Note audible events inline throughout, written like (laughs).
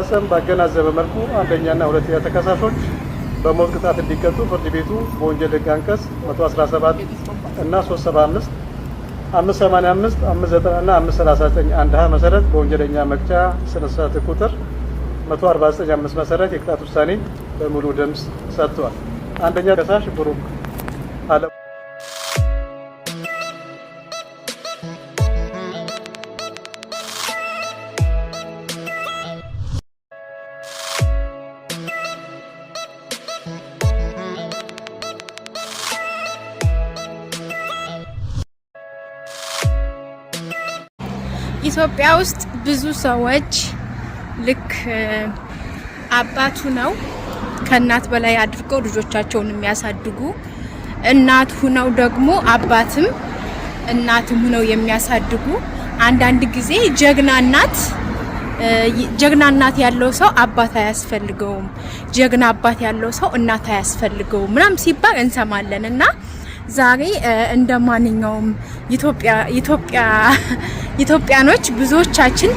አሰም ባገናዘበ መልኩ አንደኛና ሁለተኛ ተከሳሾች በሞት ቅጣት እንዲቀጡ ፍርድ ቤቱ በወንጀል ሕግ አንቀጽ 117 እና 375 585 59 እና 539 አንድ ሀ መሰረት በወንጀለኛ መቅጫ ስነ ስርዓት ቁጥር 1495 መሰረት የቅጣት ውሳኔ በሙሉ ድምፅ ሰጥቷል። አንደኛ ከሳሽ ብሩክ ኢትዮጵያ ውስጥ ብዙ ሰዎች ልክ አባቱ ነው ከእናት በላይ አድርገው ልጆቻቸውን የሚያሳድጉ እናት ሁነው ደግሞ አባትም እናትም ሁነው የሚያሳድጉ አንዳንድ ጊዜ ጀግና እናት ጀግና እናት ያለው ሰው አባት አያስፈልገውም፣ ጀግና አባት ያለው ሰው እናት አያስፈልገውም ምናምን ሲባል እንሰማለን እና ዛሬ እንደ ማንኛውም ኢትዮጵያ ኢትዮጵያኖች ብዙዎቻችን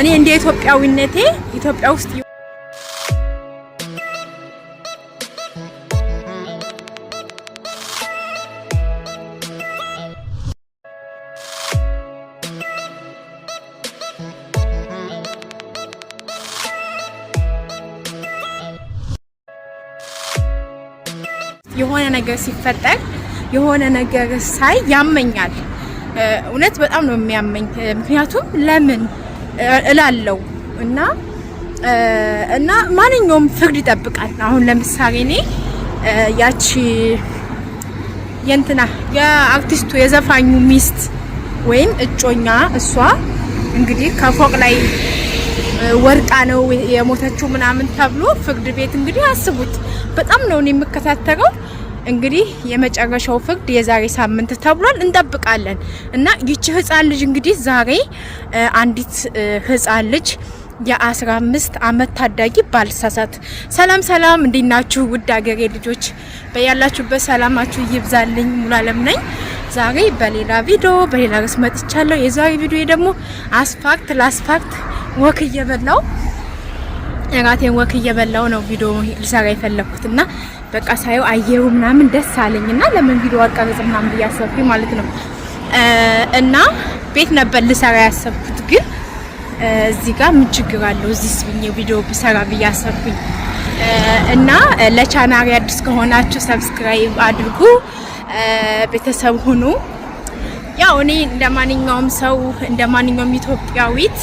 እኔ እንደ ኢትዮጵያዊነቴ ኢትዮጵያ ውስጥ የሆነ ነገር ሲፈጠር የሆነ ነገር ሳይ ያመኛል። እውነት በጣም ነው የሚያመኝ። ምክንያቱም ለምን እላለው እና እና ማንኛውም ፍርድ ይጠብቃል። አሁን ለምሳሌ እኔ ያቺ የእንትና የአርቲስቱ የዘፋኙ ሚስት ወይም እጮኛ እሷ እንግዲህ ከፎቅ ላይ ወርቃ ነው የሞተችው ምናምን ተብሎ ፍርድ ቤት እንግዲህ አስቡት። በጣም ነው እኔ የምከታተለው እንግዲህ የመጨረሻው ፍርድ የዛሬ ሳምንት ተብሏል። እንጠብቃለን እና ይቺ ህጻን ልጅ እንግዲህ ዛሬ አንዲት ህጻን ልጅ የ15 አመት ታዳጊ ባልሳሳት። ሰላም ሰላም፣ እንዴት ናችሁ ውድ አገሬ ልጆች? በያላችሁበት ሰላማችሁ ይብዛልኝ። ሙሉ አለም ነኝ። ዛሬ በሌላ ቪዲዮ በሌላ ርዕስ መጥቻለሁ። የዛሬ ቪዲዮ ደግሞ አስፋልት ለአስፋልት ወክ እየበላው እራቴን ወክ እየበላው ነው ቪዲዮ ልሰራ የፈለኩት እና በቃ ሳየው አየሩ ምናምን ደስ አለኝ እና ለምን ቪዲዮ አቀረጽ ምናምን ብዬ አሰብኩኝ ማለት ነው። እና ቤት ነበር ልሰራ ያሰብኩት ግን እዚህ ጋር ምን ችግር አለው እዚህ ስብኝ ቪዲዮ ብሰራ ብዬ አሰብኩኝ። እና ለቻናሪ አዲስ ከሆናችሁ ሰብስክራይብ አድርጉ፣ ቤተሰብ ሁኑ። ያው እኔ እንደማንኛውም ሰው እንደማንኛውም ኢትዮጵያዊት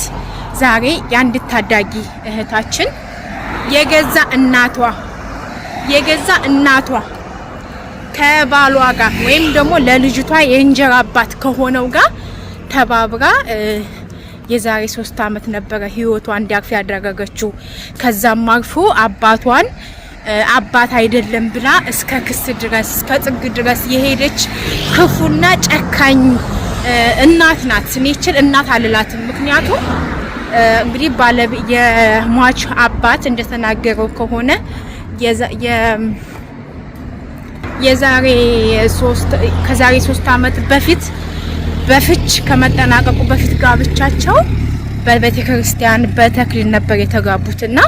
ዛሬ የአንድ ታዳጊ እህታችን የገዛ እናቷ የገዛ እናቷ ከባሏ ጋር ወይም ደግሞ ለልጅቷ የእንጀራ አባት ከሆነው ጋር ተባብራ የዛሬ ሶስት አመት ነበረ ህይወቷ እንዲያርፍ ያደረገችው። ከዛም አርፎ አባቷን አባት አይደለም ብላ እስከ ክስ ድረስ እስከ ጥግ ድረስ የሄደች ክፉና ጨካኝ እናት ናት። ስኔችል እናት አልላትም፣ ምክንያቱም እንግዲህ የሟች አባት እንደተናገረው ከሆነ የዛሬ ሶስት ከዛሬ ሶስት አመት በፊት በፍች ከመጠናቀቁ በፊት ጋብቻቸው በቤተ ክርስቲያን በተክሊል ነበር የተጋቡት እና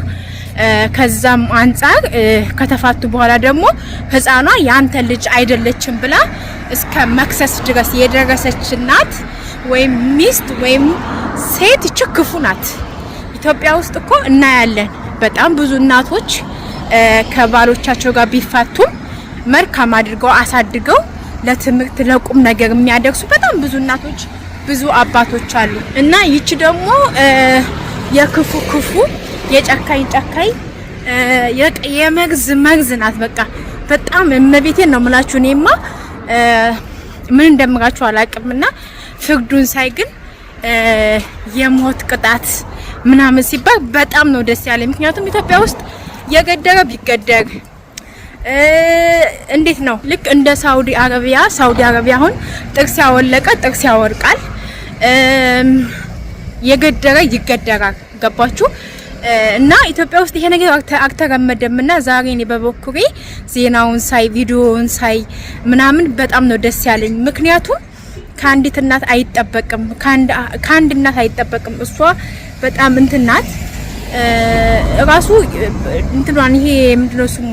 ከዛም አንጻር ከተፋቱ በኋላ ደግሞ ህፃኗ የአንተ ልጅ አይደለችም ብላ እስከ መክሰስ ድረስ የደረሰች እናት ወይም ሚስት ወይም ሴት እች ክፉ ናት። ኢትዮጵያ ውስጥ እኮ እናያለን በጣም ብዙ እናቶች ከባሎቻቸው ጋር ቢፋቱም መልካም አድርገው አሳድገው ለትምህርት ለቁም ነገር የሚያደርሱ በጣም ብዙ እናቶች ብዙ አባቶች አሉ። እና ይቺ ደግሞ የክፉ ክፉ የጨካኝ ጨካኝ የመግዝ መግዝ ናት። በቃ በጣም እመቤቴን ነው የምላችሁ። እኔማ ምን እንደምላችሁ አላቅምና ፍርዱን ሳይ ግን የሞት ቅጣት ምናምን ሲባል በጣም ነው ደስ ያለኝ። ምክንያቱም ኢትዮጵያ ውስጥ የገደረ ቢገደር እንዴት ነው ልክ እንደ ሳውዲ አረቢያ። ሳውዲ አረቢያ አሁን ጥርስ ያወለቀ ጥርስ ያወርቃል፣ የገደረ ይገደራል። ገባችሁ? እና ኢትዮጵያ ውስጥ ይሄ ነገር አልተለመደም። እና ዛሬ እኔ በበኩሬ ዜናውን ሳይ ቪዲዮውን ሳይ ምናምን በጣም ነው ደስ ያለኝ ምክንያቱም ከአንዲት እናት አይጠበቅም፣ ከአንድ እናት አይጠበቅም። እሷ በጣም እንትናት ራሱ እንትኗን ይሄ ምንድነው ስሙ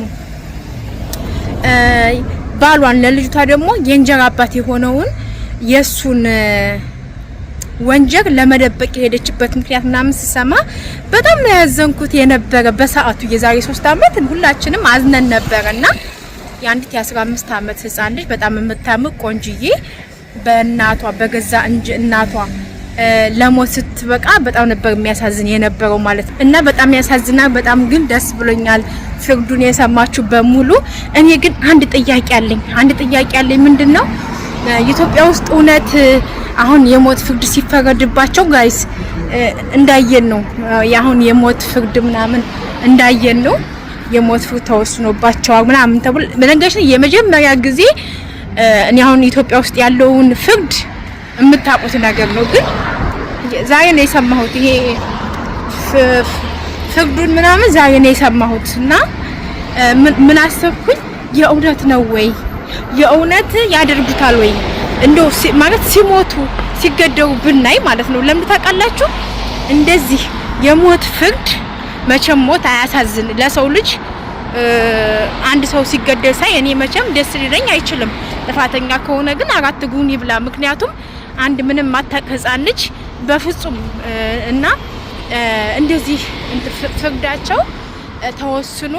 ባሏን ለልጅቷ ደግሞ የእንጀራ አባት የሆነውን የእሱን ወንጀል ለመደበቅ የሄደችበት ምክንያት ምናምን ስሰማ በጣም ነው ያዘንኩት የነበረ በሰዓቱ የዛሬ ሶስት አመት ሁላችንም አዝነን ነበረ እና የአንዲት የ15 አመት ህፃን ልጅ በጣም የምታምር ቆንጅዬ በእናቷ በገዛ እንጂ እናቷ ለሞት ስትበቃ በጣም ነበር የሚያሳዝን የነበረው ማለት እና በጣም ያሳዝናል። በጣም ግን ደስ ብሎኛል ፍርዱን የሰማችሁ በሙሉ። እኔ ግን አንድ ጥያቄ አለኝ። አንድ ጥያቄ አለኝ። ምንድን ነው ኢትዮጵያ ውስጥ እውነት አሁን የሞት ፍርድ ሲፈረድባቸው ጋይስ እንዳየን ነው። የአሁን የሞት ፍርድ ምናምን እንዳየን ነው የሞት ፍርድ ተወስኖባቸዋል ምናምን ተብሎ በነገራችን የመጀመሪያ ጊዜ እኔ አሁን ኢትዮጵያ ውስጥ ያለውን ፍርድ የምታውቁት ነገር ነው፣ ግን ዛሬ ነው የሰማሁት። ይሄ ፍርዱን ምናምን ዛሬ ነው የሰማሁት እና ምን አሰብኩኝ፣ የእውነት ነው ወይ የእውነት ያደርጉታል ወይ እንደው ማለት ሲሞቱ ሲገደቡ ብናይ ማለት ነው። ለምን ታውቃላችሁ? እንደዚህ የሞት ፍርድ መቼም ሞት አያሳዝን ለሰው ልጅ አንድ ሰው ሲገደል ሳይ እኔ መቼም ደስ ሊለኝ አይችልም። ጥፋተኛ ከሆነ ግን አራት ጉን ይብላ። ምክንያቱም አንድ ምንም ማታቅ ህፃን ልጅ በፍጹም እና እንደዚህ ፍርዳቸው ተወስኖ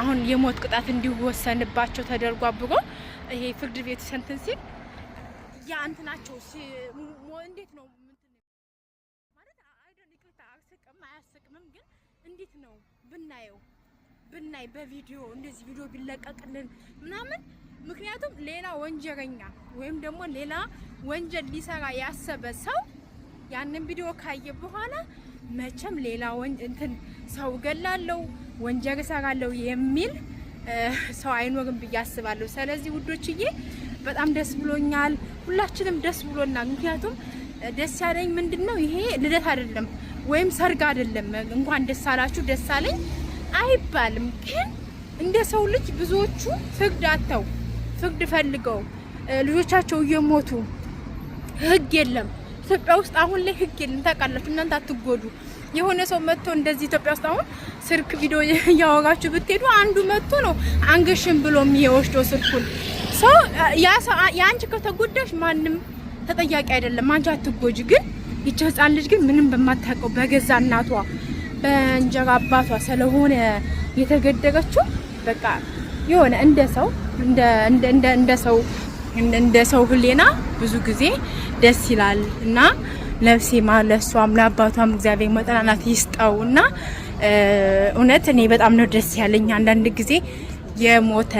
አሁን የሞት ቅጣት እንዲወሰንባቸው ተደርጎ አብሮ ይሄ ፍርድ ቤት ሰንተንስ ያ እንትናቸው እንዴት ነው? ብናይ በቪዲዮ እንደዚህ ቪዲዮ ቢለቀቅልን ምናምን ምክንያቱም ሌላ ወንጀለኛ ወይም ደግሞ ሌላ ወንጀል ሊሰራ ያሰበ ሰው ያንን ቪዲዮ ካየ በኋላ መቼም ሌላ እንትን ሰው ገላለው ወንጀል እሰራለሁ የሚል ሰው አይኖርም ብዬ አስባለሁ። ስለዚህ ውዶችዬ በጣም ደስ ብሎኛል፣ ሁላችንም ደስ ብሎናል። ምክንያቱም ደስ ያለኝ ምንድን ነው ይሄ ልደት አይደለም ወይም ሰርግ አይደለም። እንኳን ደስ አላችሁ ደስ አለኝ። አይባልም፣ ግን እንደ ሰው ልጅ ብዙዎቹ ፍቅድ አጥተው ፍቅድ ፈልገው ልጆቻቸው እየሞቱ ህግ የለም። ኢትዮጵያ ውስጥ አሁን ላይ ህግ የለም። ታውቃላችሁ እናንተ አትጎዱ። የሆነ ሰው መጥቶ እንደዚህ ኢትዮጵያ ውስጥ አሁን ስልክ ቪዲዮ (laughs) እያወጋችሁ ብትሄዱ አንዱ መጥቶ ነው አንገሽን ብሎ የሚወስደው ስልኩን ሰው። የአንቺ ከተጎዳሽ ማንም ተጠያቂ አይደለም፣ አንቺ አትጎጂ። ግን ይቺ ህፃን ልጅ ግን ምንም በማታውቀው በገዛ እናቷ በእንጀራ አባቷ ስለሆነ የተገደረችው በቃ የሆነ እንደ ሰው እንደ ሰው እንደ ሰው ህሌና ብዙ ጊዜ ደስ ይላል እና ነፍሴ ማለሷም ለአባቷም እግዚአብሔር መጠናናት ይስጠው እና እውነት እኔ በጣም ነው ደስ ያለኝ አንዳንድ ጊዜ የሞተ